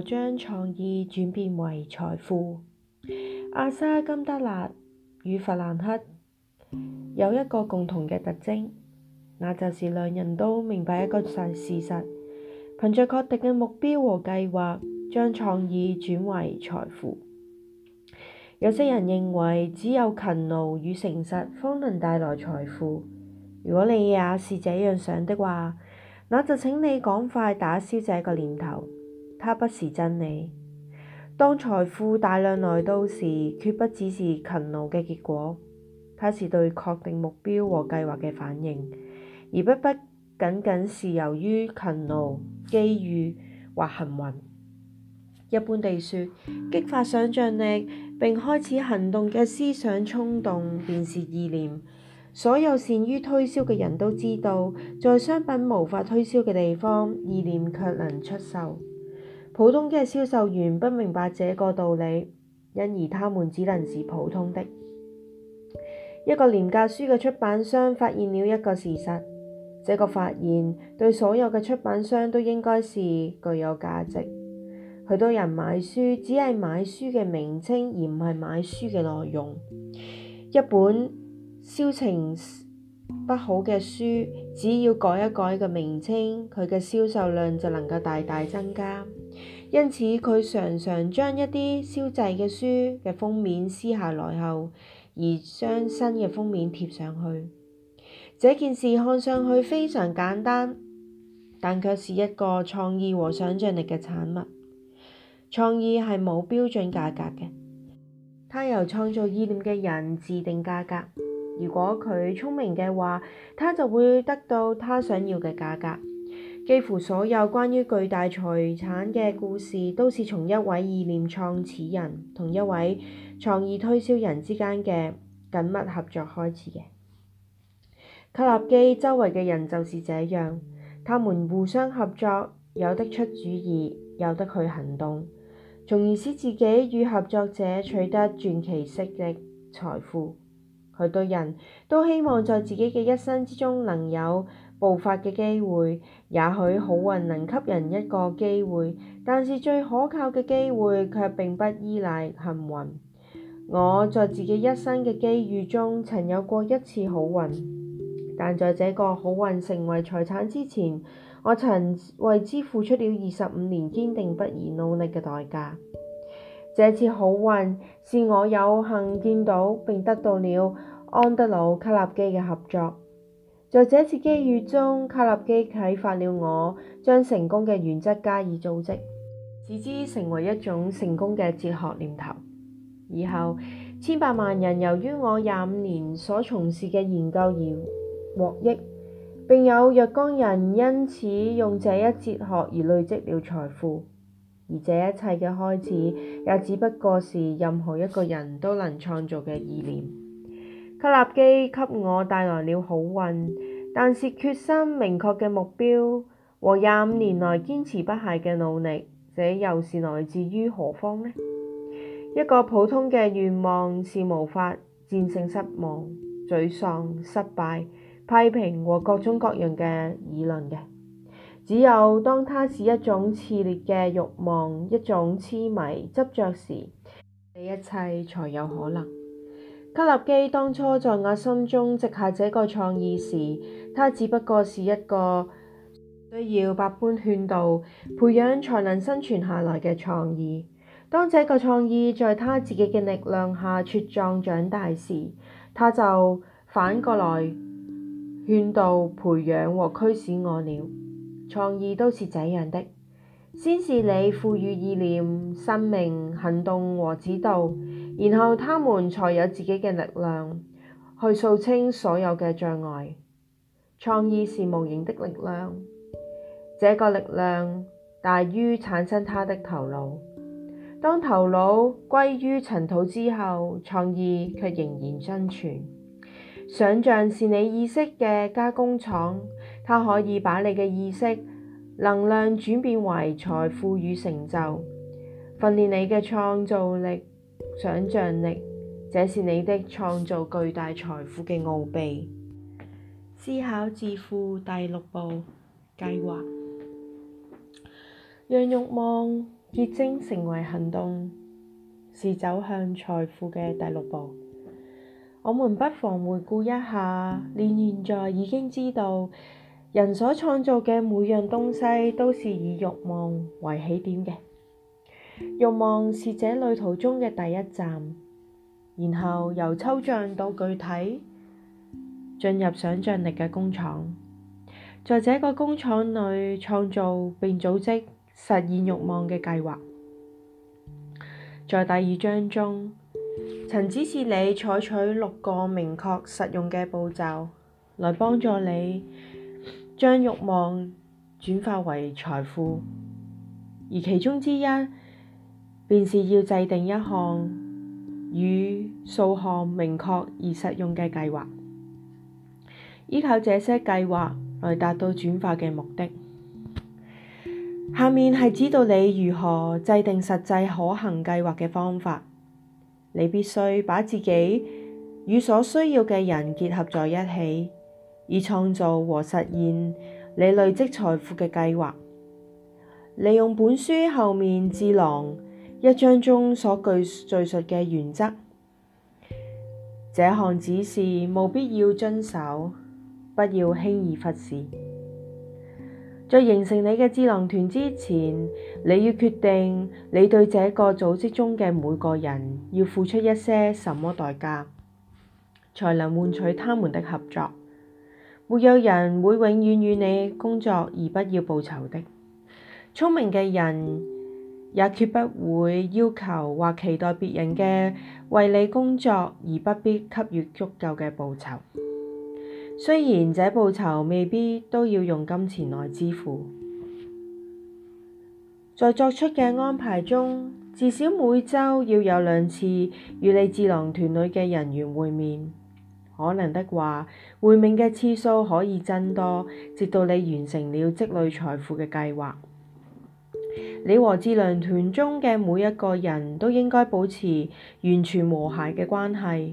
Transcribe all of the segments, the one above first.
將創意轉變為財富。阿莎金德納與弗蘭克有一個共同嘅特徵，那就是兩人都明白一個事實，憑着確定嘅目標和計劃，將創意轉為財富。有些人認為只有勤勞與誠實方能帶來財富。如果你也是這樣想的話，那就請你趕快打消這個念頭。它不是真理。當財富大量來到時，決不只是勤勞嘅結果，它是對確定目標和計劃嘅反應，而不不僅僅是由於勤勞、機遇或幸運。一般地說，激發想像力並開始行動嘅思想衝動，便是意念。所有善於推銷嘅人都知道，在商品無法推銷嘅地方，意念卻能出售。普通嘅銷售員不明白這個道理，因而他們只能是普通的。一個廉價書嘅出版商發現了一個事實，這個發現對所有嘅出版商都應該是具有價值。許多人買書只係買書嘅名稱，而唔係買書嘅內容。一本銷情不好嘅書，只要改一改個名稱，佢嘅銷售量就能夠大大增加。因此，佢常常將一啲燒製嘅書嘅封面撕下來後，而將新嘅封面貼上去。這件事看上去非常簡單，但卻是一個創意和想像力嘅產物。創意係冇標準價格嘅，他由創造意念嘅人自定價格。如果佢聰明嘅話，佢就會得到佢想要嘅價格。幾乎所有關於巨大財產嘅故事，都是從一位意念創始人同一位創意推銷人之間嘅緊密合作開始嘅。卡納基周圍嘅人就是這樣，他們互相合作，有得出主意，有得去行動，從而使自己與合作者取得傳奇式嘅財富。許多人都希望在自己嘅一生之中能有。步伐嘅機會，也許好運能給人一個機會，但是最可靠嘅機會卻並不依賴幸運。我在自己一生嘅機遇中，曾有過一次好運，但在這個好運成為財產之前，我曾為之付出了二十五年堅定不移努力嘅代價。這次好運是我有幸見到並得到了安德魯卡納基嘅合作。在這次機遇中，卡納基啟發了我，將成功嘅原則加以組織，使之成為一種成功嘅哲學念頭。以後，千百萬人由於我廿五年所從事嘅研究而獲益，並有若干人因此用這一哲學而累積了財富。而這一切嘅開始，也只不過是任何一個人都能創造嘅意念。卡納基給我帶來了好運，但是決心、明確嘅目標和廿五年來堅持不懈嘅努力，這又是來自於何方呢？一個普通嘅願望是無法戰勝失望、沮喪、失敗、批評和各種各樣嘅議論嘅。只有當它是一種熾烈嘅慾望、一種痴迷執着時，呢一切才有可能。卡立基當初在我心中植下這個創意時，他只不過是一個需要百般勸導、培養才能生存下來嘅創意。當這個創意在他自己嘅力量下茁壯長大時，他就反過來勸導、培養和驅使我了。創意都是這樣的，先是你賦予意念、生命、行動和指導。然後他們才有自己嘅力量去掃清所有嘅障礙。創意是無形的力量，這個力量大於產生它的頭腦。當頭腦歸於塵土之後，創意卻仍然生存。想像是你意識嘅加工廠，它可以把你嘅意識、能量轉變為財富與成就，訓練你嘅創造力。想象力，這是你的創造巨大財富嘅奧秘。思考致富第六步：計劃，讓欲望結晶成為行動，是走向財富嘅第六步。我們不妨回顧一下，你現在已經知道，人所創造嘅每樣東西都是以欲望為起點嘅。欲望是這旅途中嘅第一站，然後由抽象到具體，進入想象力嘅工廠，在這個工廠裏創造並組織實現欲望嘅計劃。在第二章中，曾指示你採取六個明確實用嘅步驟，來幫助你將欲望轉化為財富，而其中之一。便是要制定一項與數項明確而實用嘅計劃，依靠這些計劃來達到轉化嘅目的。下面係指導你如何制定實際可行計劃嘅方法。你必須把自己與所需要嘅人結合在一起，以創造和實現你累積財富嘅計劃。利用本書後面智囊。一章中所具敘述嘅原則，這項指示務必要遵守，不要輕易忽視。在形成你嘅智囊團之前，你要決定你對這個組織中嘅每個人要付出一些什麼代價，才能換取他們的合作。沒有人會永遠與你工作而不要報酬的。聰明嘅人。也決不會要求或期待別人嘅，為你工作而不必給予足夠嘅報酬。雖然這報酬未必都要用金錢來支付，在作出嘅安排中，至少每週要有兩次與你智囊團裏嘅人員會面。可能的話，會面嘅次數可以增多，直到你完成了積累財富嘅計劃。你和智囊團中嘅每一個人都應該保持完全和諧嘅關係。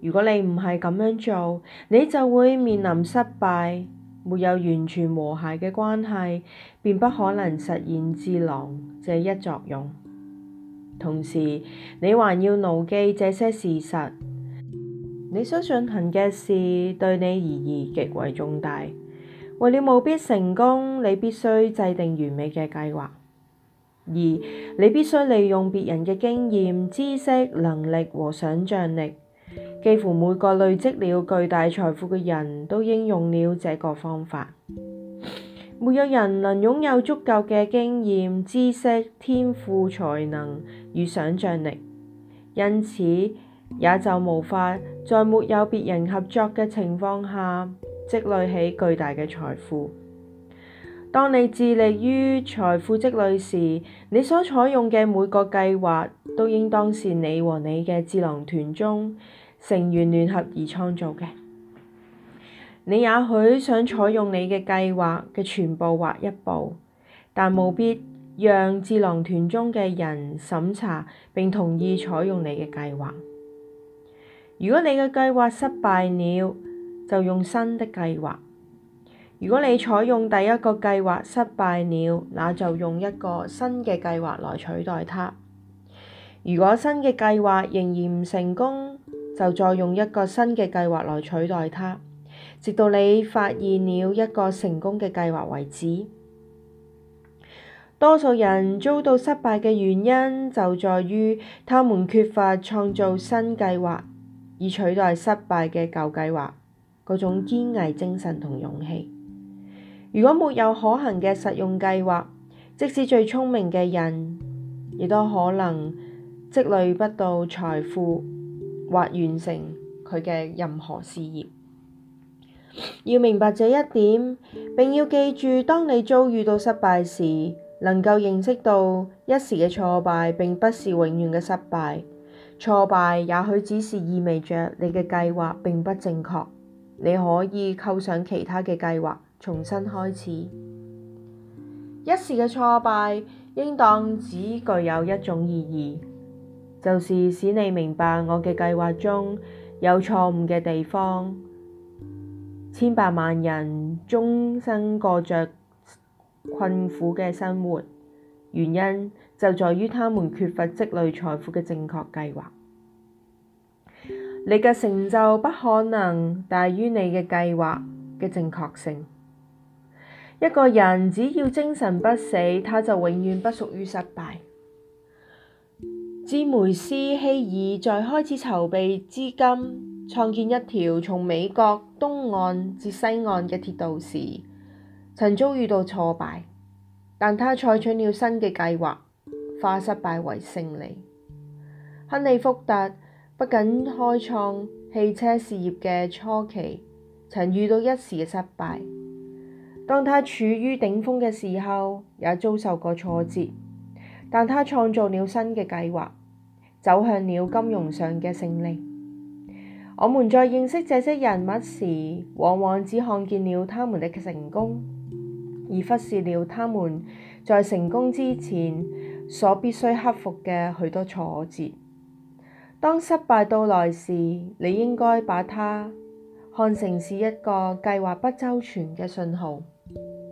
如果你唔係咁樣做，你就會面臨失敗。沒有完全和諧嘅關係，便不可能實現智囊這一作用。同時，你還要牢記這些事實。你所進行嘅事對你而言極為重大。為了務必成功，你必須制定完美嘅計劃。二，而你必須利用別人嘅經驗、知識、能力和想象力幾乎每個累積了巨大財富嘅人都應用了這個方法。沒有人能擁有足夠嘅經驗、知識、天賦、才能與想象力，因此也就無法在沒有別人合作嘅情況下積累起巨大嘅財富。當你致力於財富積累時，你所採用嘅每個計劃都應當是你和你嘅智囊團中成員聯合而創造嘅。你也許想採用你嘅計劃嘅全部或一部，但務必讓智囊團中嘅人審查並同意採用你嘅計劃。如果你嘅計劃失敗了，就用新的計劃。如果你採用第一個計劃失敗了，那就用一個新嘅計劃來取代它。如果新嘅計劃仍然唔成功，就再用一個新嘅計劃來取代它，直到你發現了一個成功嘅計劃為止。多數人遭到失敗嘅原因，就在於他們缺乏創造新計劃，以取代失敗嘅舊計劃，嗰種堅毅精神同勇氣。如果沒有可行嘅實用計劃，即使最聰明嘅人，亦都可能積累不到財富或完成佢嘅任何事業。要明白這一點，並要記住，當你遭遇到失敗時，能夠認識到一時嘅挫敗並不是永遠嘅失敗。挫敗也許只是意味着你嘅計劃並不正確，你可以構想其他嘅計劃。重新開始，一時嘅挫敗應當只具有一種意義，就是使你明白我嘅計劃中有錯誤嘅地方。千百萬人終生過着困苦嘅生活，原因就在於他們缺乏積累財富嘅正確計劃。你嘅成就不可能大於你嘅計劃嘅正確性。一個人只要精神不死，他就永遠不屬於失敗。詹梅斯·希爾在開始籌備資金、創建一條從美國東岸至西岸嘅鐵道時，曾遭遇到挫敗，但他採取了新嘅計劃，化失敗為勝利。亨利·福特不僅開創汽車事業嘅初期，曾遇到一時嘅失敗。當他處於頂峰嘅時候，也遭受過挫折，但他創造了新嘅計劃，走向了金融上嘅勝利。我們在認識這些人物時，往往只看見了他們的成功，而忽視了他們在成功之前所必須克服嘅許多挫折。當失敗到來時，你應該把它看成是一個計劃不周全嘅信號。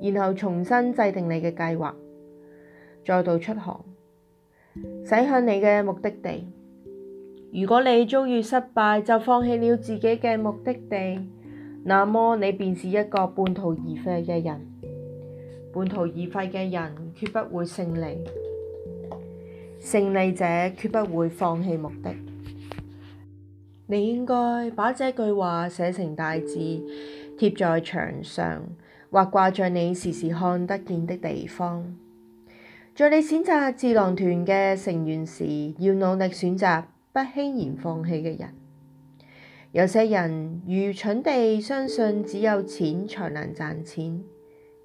然後重新制定你嘅計劃，再度出航，駛向你嘅目的地。如果你遭遇失敗，就放棄了自己嘅目的地，那麼你便是一個半途而廢嘅人。半途而廢嘅人決不會勝利，勝利者決不會放棄目的。你應該把這句話寫成大字，貼在牆上。或掛在你時時看得見的地方，在你選擇智囊團嘅成員時，要努力選擇不輕言放棄嘅人。有些人愚蠢地相信只有錢才能賺錢，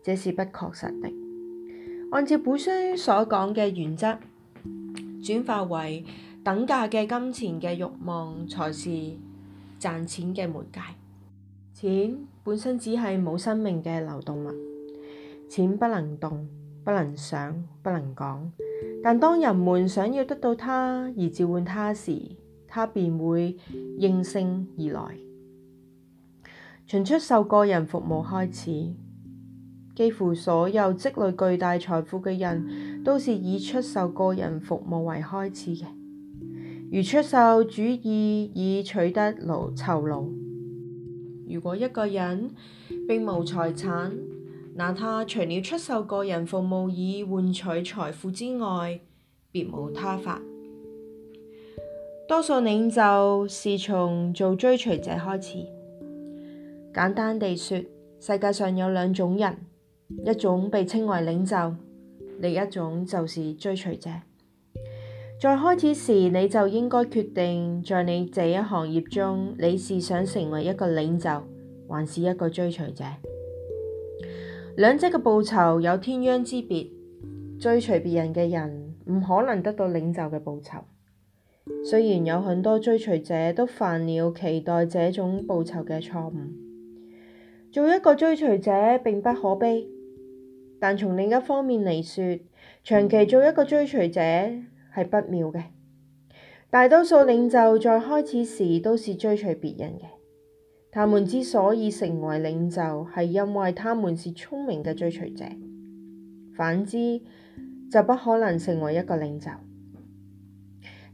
這是不確實的。按照本書所講嘅原則，轉化為等價嘅金錢嘅慾望，才是賺錢嘅媒介。錢本身只係冇生命嘅流動物，錢不能動，不能想，不能講。但當人們想要得到它，而召喚它時，它便會應聲而來。從出售個人服務開始，幾乎所有積累巨大財富嘅人都是以出售個人服務為開始嘅，如出售主意以取得勞酬勞。如果一個人並無財產，那他除了出售個人服務以換取財富之外，別無他法。多數領袖是從做追隨者開始。簡單地說，世界上有兩種人，一種被稱為領袖，另一種就是追隨者。在開始時，你就應該決定，在你這一行業中，你是想成為一個領袖，還是一個追隨者。兩者嘅報酬有天壤之別。追隨別人嘅人唔可能得到領袖嘅報酬。雖然有很多追隨者都犯了期待這種報酬嘅錯誤。做一個追隨者並不可悲，但從另一方面嚟説，長期做一個追隨者，係不妙嘅。大多數領袖在開始時都是追隨別人嘅。他們之所以成為領袖，係因為他們是聰明嘅追隨者。反之，就不可能成為一個領袖。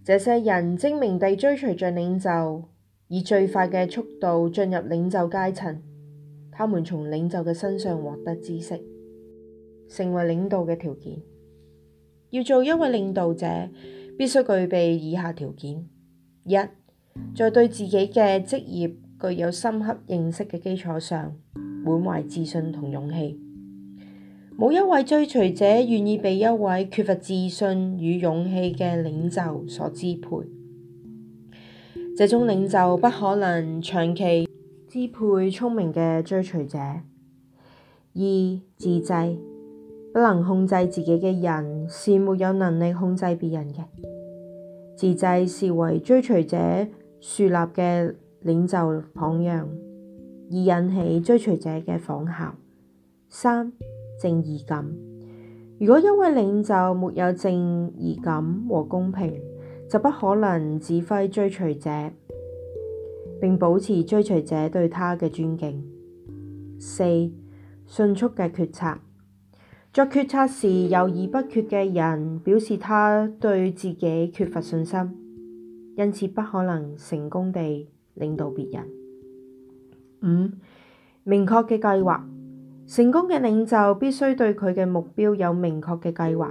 這些人精明地追隨着領袖，以最快嘅速度進入領袖階層。他們從領袖嘅身上獲得知識，成為領導嘅條件。要做一位領導者，必須具備以下條件：一，在對自己嘅職業具有深刻認識嘅基礎上，滿懷自信同勇氣。冇一位追隨者願意被一位缺乏自信與勇氣嘅領袖所支配。這種領袖不可能長期支配聰明嘅追隨者。二，自制。不能控制自己嘅人，是沒有能力控制別人嘅。自制是為追隨者樹立嘅領袖榜樣，而引起追隨者嘅仿效。三、正義感。如果因為領袖沒有正義感和公平，就不可能指揮追隨者，並保持追隨者對他嘅尊敬。四、迅速嘅決策。作決策時猶豫不決嘅人，表示他對自己缺乏信心，因此不可能成功地領導別人。五、嗯、明確嘅計劃，成功嘅領袖必須對佢嘅目標有明確嘅計劃。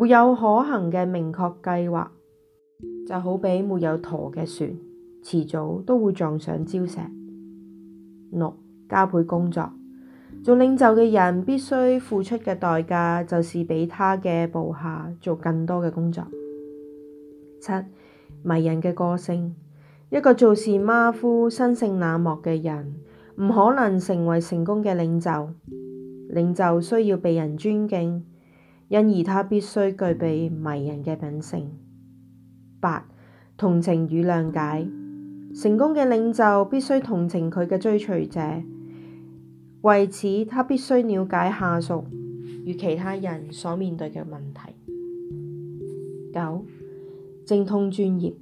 沒有可行嘅明確計劃，就好比沒有舵嘅船，遲早都會撞上礁石。六、加倍工作。做領袖嘅人必須付出嘅代價，就是俾他嘅部下做更多嘅工作。七、迷人嘅個性，一個做事馬虎、生性冷漠嘅人，唔可能成為成功嘅領袖。領袖需要被人尊敬，因而他必須具備迷人嘅品性。八、同情與諒解，成功嘅領袖必須同情佢嘅追隨者。為此，他必須了解下屬與其他人所面對嘅問題。九，精通專業，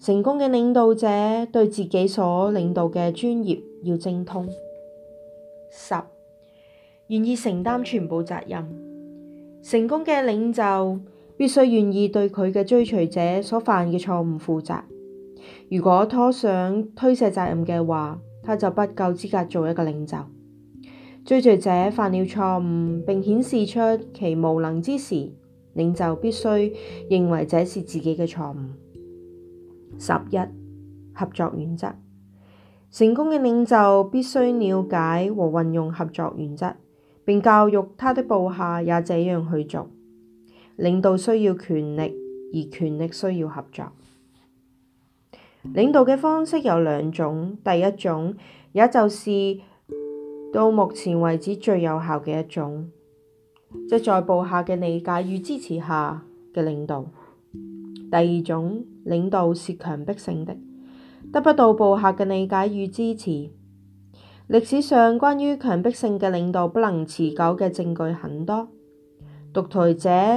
成功嘅領導者對自己所領導嘅專業要精通。十，願意承擔全部責任，成功嘅領袖必須願意對佢嘅追隨者所犯嘅錯誤負責。如果他想推卸責任嘅話，他就不夠資格做一個領袖。追隨者犯了錯誤並顯示出其無能之時，領袖必須認為這是自己嘅錯誤。十一，合作原則，成功嘅領袖必須了解和運用合作原則，並教育他的部下也這樣去做。領導需要權力，而權力需要合作。領導嘅方式有兩種，第一種也就是，到目前為止最有效嘅一種，即在部下嘅理解與支持下嘅領導。第二種領導是強迫性的，得不到部下嘅理解與支持。歷史上關於強迫性嘅領導不能持久嘅證據很多，獨裁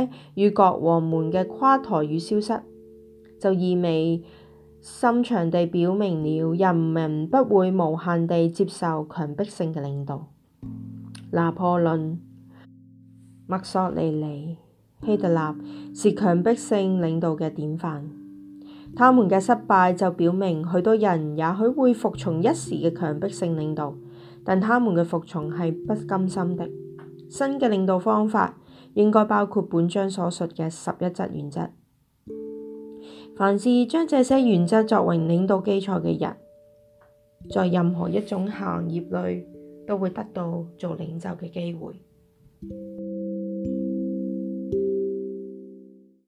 者與國王們嘅垮台與消失就意味。深長地表明了人民不會無限地接受強迫性嘅領導。拿破崙、墨索里尼、希特勒是強迫性領導嘅典範。他們嘅失敗就表明，許多人也許會服從一時嘅強迫性領導，但他們嘅服從係不甘心的。新嘅領導方法應該包括本章所述嘅十一則原則。凡是將這些原則作為領導基礎嘅人，在任何一種行業裏都會得到做領袖嘅機會。